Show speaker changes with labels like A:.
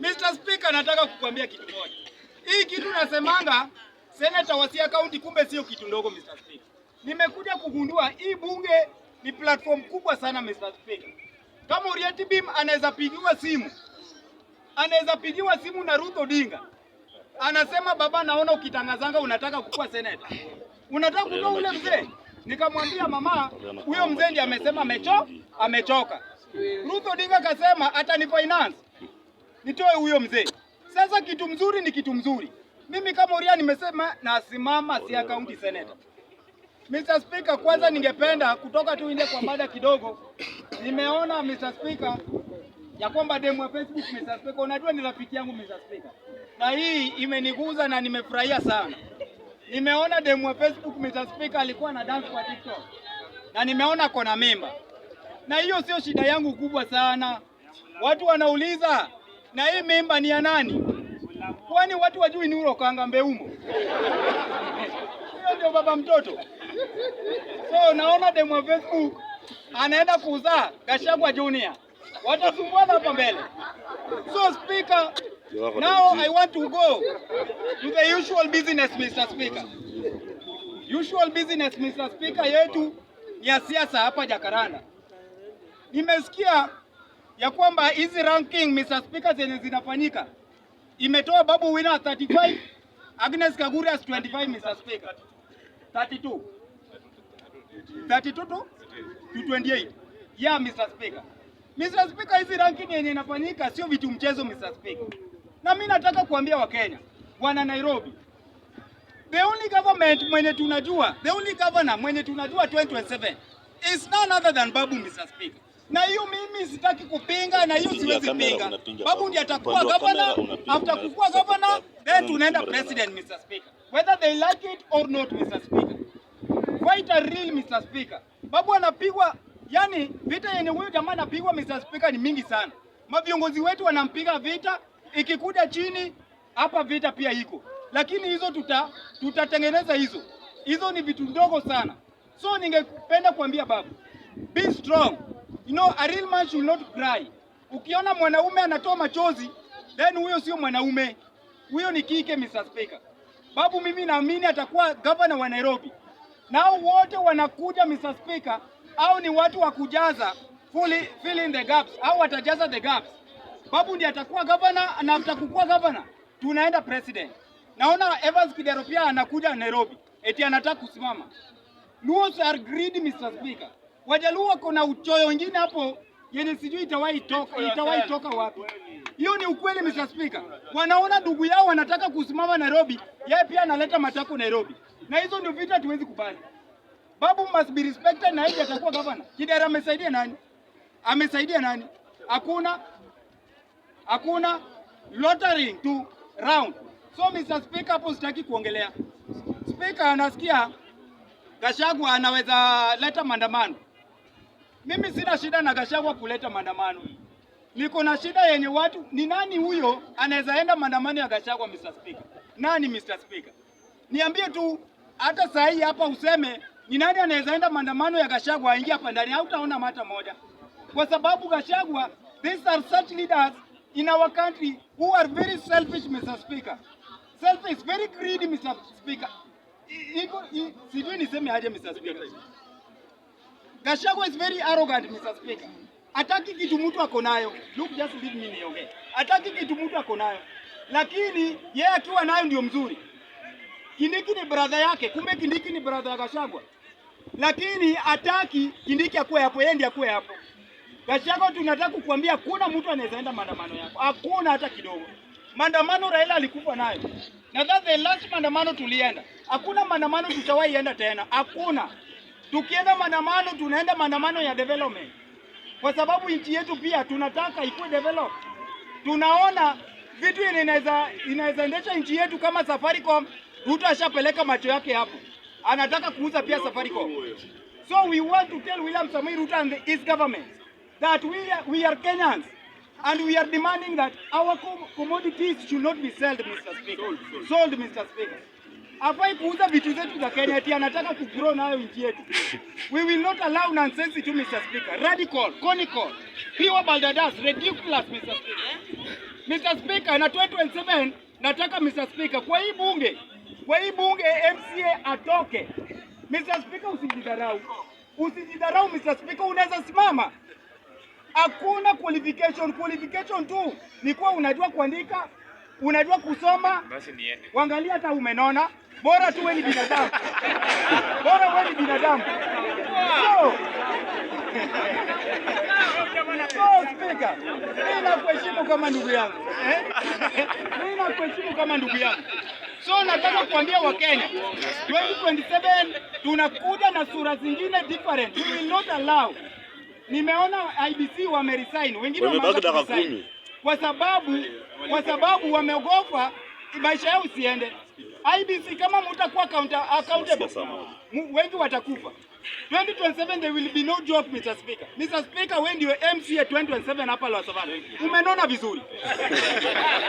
A: Mr. Speaker, nataka kukwambia kitu moja. Hii kitu nasemanga Senator wa Siaya County, kumbe sio kitu ndogo Mr. Speaker. Nimekuja kugundua hii bunge ni platform kubwa sana Mr. Speaker. Kama Urieti Bim anaweza pigiwa simu, anaweza pigiwa simu na Ruth Odinga anasema baba, naona ukitangazanga unataka kukua senator. unataka kutoa ule mzee. Nikamwambia mama, huyo mzee ndiye amesema amecho amechoka. Ruth Odinga kasema atani finance nitoe huyo mzee. Sasa kitu mzuri ni kitu mzuri. Mimi kama Uria nimesema nasimama, si county senator. Mr. Speaker, kwanza ningependa kutoka tu ile kwa mada kidogo. Nimeona Mr. Speaker ya kwamba demu ya Facebook Mr. Speaker, unajua ni rafiki yangu Mr. Speaker, na hii imeniguza na nimefurahia sana. Nimeona demu ya Facebook Mr. Speaker alikuwa na dance kwa TikTok na nimeona kona mimba, na hiyo sio shida yangu kubwa sana. Watu wanauliza na hii mimba ni ya nani? Kwani watu wajui uro Kanga Mbeumo? Hiyo ndio baba mtoto. So naona demu wa Facebook anaenda kuzaa Gachagua Junior, watasumbuana hapa mbele. So speaker, now I want to go to the usual business Mr. Speaker. Usual business Mr. Speaker yetu ni ya siasa hapa Jakaranda. Nimesikia ya kwamba hizi ranking Mr. Speaker zenye zinafanyika imetoa Babu Wina 35 Agnes Kaguri as 25 Mr. Speaker. 32. 32 to 28. Yeah, Mr. Speaker. Mr. Speaker, hizi ranking yenye inafanyika sio vitu mchezo Mr. Speaker. Na mimi nataka kuambia Wakenya, wana Nairobi. The only government mwenye tunajua, the only governor mwenye tunajua 2027 is none other than Babu Mr. Speaker na hiyo mimi sitaki kupinga na hiyo siwezi pinga. Babu ndiye atakuwa governor, after kukuwa governor then tunaenda president, Mr. Speaker, whether they like it or not, Mr. Speaker. Quite a real Mr. Speaker. Babu anapigwa, yani vita yenye huyu jamaa anapigwa Mr. Speaker ni mingi sana. Maviongozi wetu wanampiga vita, ikikuja chini hapa vita pia iko, lakini hizo tuta tutatengeneza hizo hizo, ni vitu ndogo sana. So ningependa kuambia babu, be strong You know, a real man should not cry. Ukiona mwanaume anatoa machozi, then huyo sio mwanaume, huyo ni kike. Mr. Speaker, Babu mimi naamini atakuwa governor wa Nairobi. Nao wote wanakuja Mr. Speaker, au ni watu wa kujaza fully fill in the gaps, au watajaza the gaps. Babu ndiye atakuwa governor, na atakukua governor tunaenda president. Naona Evans Kidero pia anakuja Nairobi eti anataka kusimama. Luos are greedy Mr. Speaker. Wajaluo kuna uchoyo wengine hapo yenye sijui itawahi toka, itawahi toka wapi? Hiyo ni ukweli Mr. Speaker. Wanaona ndugu yao wanataka kusimama Nairobi, yeye pia analeta matako Nairobi, na hizo ndio vita hatuwezi kubali. Babu must be respected, na yeye atakuwa gavana. Kidera amesaidia nani? Amesaidia nani? Hakuna, hakuna lottery tu round. So Mr. Speaker, hapo sitaki kuongelea. Speaker anasikia Gachagua anaweza leta maandamano mimi sina shida na Gachagua kuleta maandamano, niko na shida yenye watu. Ni nani huyo anaweza enda maandamano ya Gachagua? Mr. Speaker, nani Mr. Speaker? Niambie tu, hata saa hii hapa useme ni nani anaweza enda maandamano ya Gachagua aingia hapa ndani? Hautaona mata moja, kwa sababu Gachagua, these are such leaders in our country who are very selfish Mr. Speaker. Selfish, very greedy Mr. Speaker. Sijui niseme aje Mr. Speaker. Gachagua is very arrogant Mr. Speaker. Ataki kitu mtu ako nayo. Look just leave me niongee. Ataki kitu mtu ako nayo. Lakini yeye akiwa nayo ndio mzuri. Kindiki ni brother yake, kumbe Kindiki ni brother ya Gachagua. Lakini ataki Kindiki akuwe hapo, yeye ndiye akuwe hapo. Gachagua, tunataka kukuambia kuna mtu anaweza enda maandamano yako. Hakuna hata kidogo. Maandamano Raila alikufa nayo. Na that's the last maandamano tulienda. Hakuna maandamano tutawahi enda tena. Hakuna. Tukienda maandamano, tunaenda maandamano ya development, kwa sababu nchi yetu pia tunataka ikuwe develop. Tunaona vitu inaweza inawezaendesha nchi yetu kama Safaricom. Ruto ashapeleka macho yake hapo, anataka kuuza pia Safaricom. So we want to tell William Samoei Ruto and the East government that we are, we are Kenyans and we are demanding that our commodities should not be sold, Mr. Speaker. Sold, sold. sold Mr. Speaker afai kuuza vitu zetu za Kenya ati anataka kugrow nayo nchi yetu. We will not allow nonsense to Mr. Speaker. Radical, conical, pure baldadas, ridiculous Mr. Speaker. Mr. Speaker, na 2027 nataka Mr. Speaker kwa hii bunge, kwa hii bunge MCA atoke. Mr. Speaker usijidharau. Usijidharau Mr. Speaker, unaweza simama. Hakuna qualification, qualification tu ni kuwa unajua kuandika unajua kusoma, wangalia hata umenona, bora tu wewe ni binadamu, bora wewe ni binadamu. So, so speaker, mimi nakuheshimu kama ndugu yangu eh? mimi nakuheshimu kama ndugu yangu. So nataka kuambia Wakenya 2027 tunakuja na sura zingine different. We will not allow. Nimeona IBC wameresign, wengine wameanza kwa sababu kwa sababu wameogopa maisha yao usiende IBC. Kama mtakuwa uh, accountable, wengi watakufa. 2027 there will be no job, Mr. Speaker. Mr. Speaker, wewe ndio MCA 2027 hapa Lwasabana, umenona vizuri